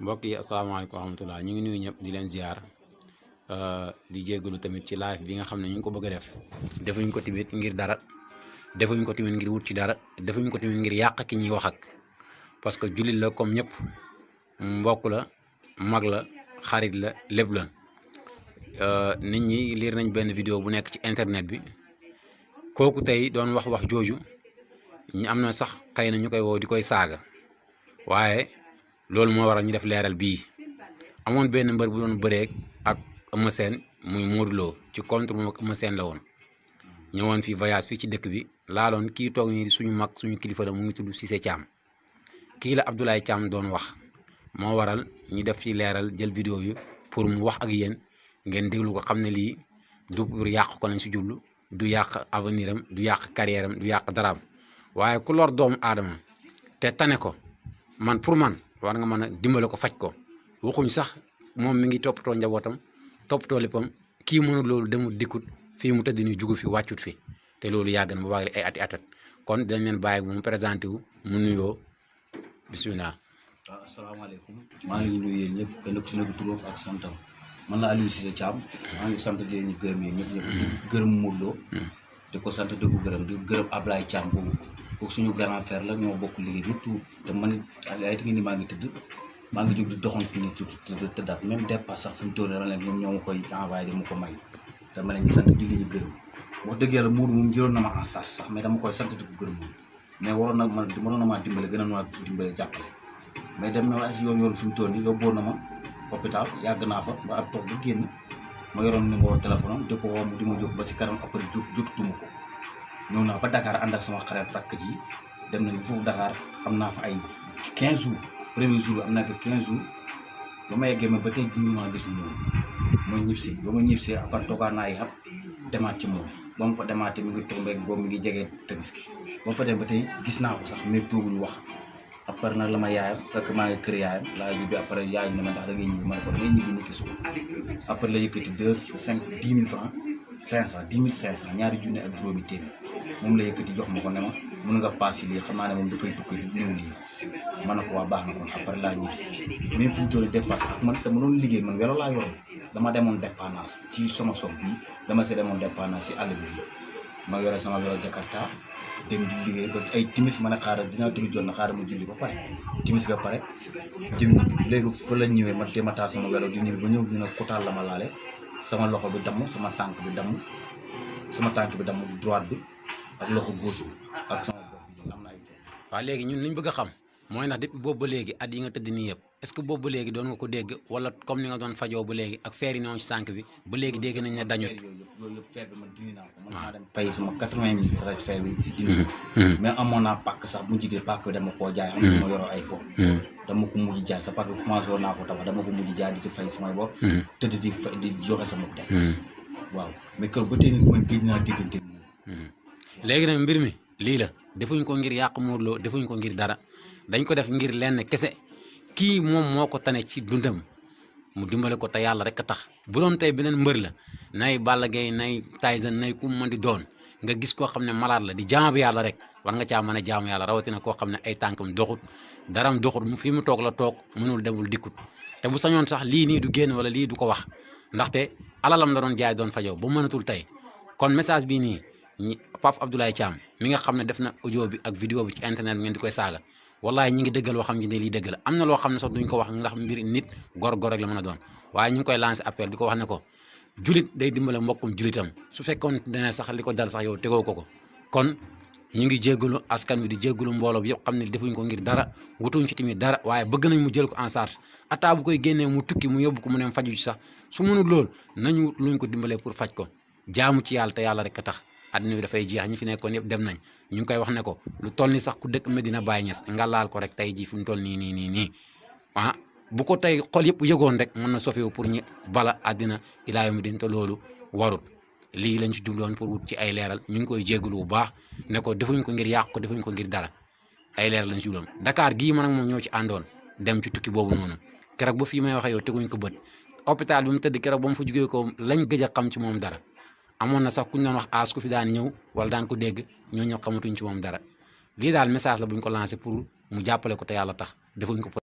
mbokk yi asalaamaaleykum wa rahmatulah ñu ngi nuy ñëpp di leen ziar uh, di jégalu tamit ci live bi nga xam ne ñu ngi ko bëgg a def defuñ ko tamit ngir dara defuñ ko tamit ngir wut ci dara defuñ ko tamit ngir yàq ki ñuy wax ak parce que jullit la comme ñëpp mbokk la mag la xarit la lép la uh, nit ñi liir nañ benn vidéo bu nekk ci internet bi kooku tey doon wax wax jooju ñu am na sax xëy na ñu koy woo di koy saaga waaye. loolu moo waral ñu def leeral bii amoon benn mbër bu doon bëreek ak Eumeu Sène muy Modou ci contre moom ak Eumeu Sène la woon ñëwoon fii voyage fii ci dëkk bi laaloon kii toog nii suñu mag suñu kilifa la mu ngi tudd Cissé Thiam kii la Abdoulaye Thiam doon wax moo waral ñu def ci leeral jël vidéo yi pour mu wax ak yéen ngeen déglu ko xam ne lii du pour yàq ko lañ si jublu du yàq avenir am du yàq carrière du yàq daraam waaye ku lor doomu aadama te tane ko man pour man. war nga man a dimbale ko faj ko waxuñ sax moom mi ngi toppatoo njabootam too léppam kii mënul loolu demul dikkut fii mu tëdd nii jugu fi wàccut fi te loolu yàgg na ba baax ay ati atat kon dinañ leen bàyyi mu présenté wu mu nuyoo bisimilah. waaw ah, asalaamaaleykum maa ngi nuyu yéen ñëpp kenn ku ci nekk turam ak santa man la Aliou Cissé Thiam maa ngi sant di leen gërëm yéen ñëpp ñëpp gërëm Modou Lo hmm. di ko sant di ko gërëm di gërëm Ablaye caam boobu kooku suñu grand frère la ñoo bokk liggéey bi tout te man ay ti ngi ni maa ngi tëdd maa ngi jóg di doxantu ni tuuti tëddaat même dépasse sax fi mu nii ma koy ma ko ma ne ñu sant di li ñu gërëm wax dëgg yàlla Modou na ma en charge sax mais dama koy sant di ko gërëm moom na man waroon na maa dimbale gën a maa dimbale jàppale mais dem na ma si yoon yoon fi mu nii yóbboon na ma hôpital yàgg naa fa ba am toog ba génn ma yoroon numéro téléphone am di ko woo di ma jóg ba si kanam après jotutuma ko ñëw naa ba Dakar ànd ak sama xarit rakk ji dem nañu foofu Dakar am naa fa ay 15 jours premier jour am na fa 15 jours ba ma yeggee ma ba tey jii ma gis moom ma ñib si ma ñib see après naa ay demaat ci moom ba ma fa demaatee mi ngi tombé boobu mi ngi jege Tabaski ba fa dem ba tey gis naa ko sax mais tooguñu wax après nag la ma yaayam fekk maa ngi kër yaayam laa ñibbi après yaay ne ma ndax da ngay ñibbi ma ne ko da ngay ñibbi ñu gis ko après la yëkkati 500 10 500 ñaari junne ak juróomi téeméer moom la yëkkati jox ma ko ne ma mun nga paas lii xam naa ne moom dafay tukki ñëw lii ma ne ko waa baax na kon après laa ñibbi même fi mu toll dépasse ak man dama doon laa yoroon demoon dépendance ci sama soog bi dama si demoon dépendance ci àll bi fii ma yore sama welo Jakarta dem di ba ay timis ma ne xaaral dinaa timis jot na xaaral ma julli ba pare timis ga pare jëm ñibbi léegi fa la ñëwee ma te ma taal sama welo di ñibbi ba ñëw ñu ne kotaal la ma laale sama loxo bi damm sama tànk bi damm sama tànk bi damm droite bi ak loxo gauche bi ak sama bopp bi am na ay waaw léegi ñun li ñu bëgg a xam mooy na depuis boobu ba léegi at yi nga tëdd nii yëpp est que boobu ba léegi doon nga ko dégg wala comme ni nga doon fajoo ba léegi ak feer yi noonu ci sànq bi ba léegi dégg nañ ne dañut loolu yëpp feer bi man dindi naa ko man maa dem bi ci mm-hmm. Mm-hmm. mais amoon naa pàkk sax bu ñu jigee pàkk bi koo jaay am mm-hmm. ay po dama ko mujj jaay sa parce que commencé woon naa ko tabax dama ko mujj jaay di mhm. di di di joxe sama mhm. mhm. léegi nag mbir mi lii la defuñ ko ngir yàq Modou loo defuñ ko ngir dara dañ ko def ngir lenn kese kii moom moo ko tane ci dundam mu dimbale ko te yàlla rek a tax bu doon tey beneen mbër la nay Balla Gaye nay Tyson nay ku mu di doon nga gis koo xam ne malade la di jaam yàlla rek. war nga caa mën a jaamu yàlla rawatina koo xam ne ay tànkam doxut daram doxut mu fi mu toog la toog mënul demul dikkut te bu sañoon sax lii nii du génn wala lii du ko wax ndaxte alalam la doon jaay doon fajoo mënatul tey kon message bii nii Pape Abdoulaye Thiam mi nga xam ne def na audio bi ak vidéo bi ci internet bi ngeen di koy saaga wallahi ñi ngi dëggal loo xam ne lii dëgg la am na loo xam ne sax ko wax ndax mbir nit gor-gor rek la mën a doon waaye ñu ngi koy lancer appel di ko wax ne ko julit day dimbale mbokkum julitam su fekkoon dana sax li ko dal sax yow tegoo ko ko ñu ngi jéggalu askan wi di jéggalu mbooloo bi yëpp xam ne defuñ ko ngir dara wutuñ ci tamit dara waaye bëgg nañ mu jël ko en charge ataa bu koy génnee mu tukki mu yóbbu ko mu neem faju sax su mënul lool nañu ñu ko dimbalee pour faj ko jaamu ci yàlla yàlla rek a tax àddina bi dafay jeex ñi fi nekkoon yëpp dem nañ ñu ngi koy wax ne ko lu toll ni sax ku dëkk Medina Baye Niass nga laal ko rek tey jii fi mu toll nii nii nii nii ah, bu ko tey xol yëpp yëgoon rek mën na sofewu pour ñu bala àddina ilaa yawmi din te loolu warut lii lañ ci jubloon pour wut ci ay leeral ñu ngi koy jégalu bu baax ne ko defuñ ko ngir yàq ko defuñ ko ngir dara ay leeral lañ ci jubloon Dakar gii man ak moom ñoo ci àndoon dem ci tukki boobu noonu keroog ba fii may waxee yow teguñ ko bët hôpital bi mu tëdd keroog ba mu fa jugee ko lañ gëj a xam ci moom dara amoon na sax ku ñu doon wax aas ku fi daan ñëw wala daan ko dégg ñoo ñëw xamatuñ ci moom dara lii daal message la buñ ko lancé pour mu jàppale ko te yàlla tax defuñ ko.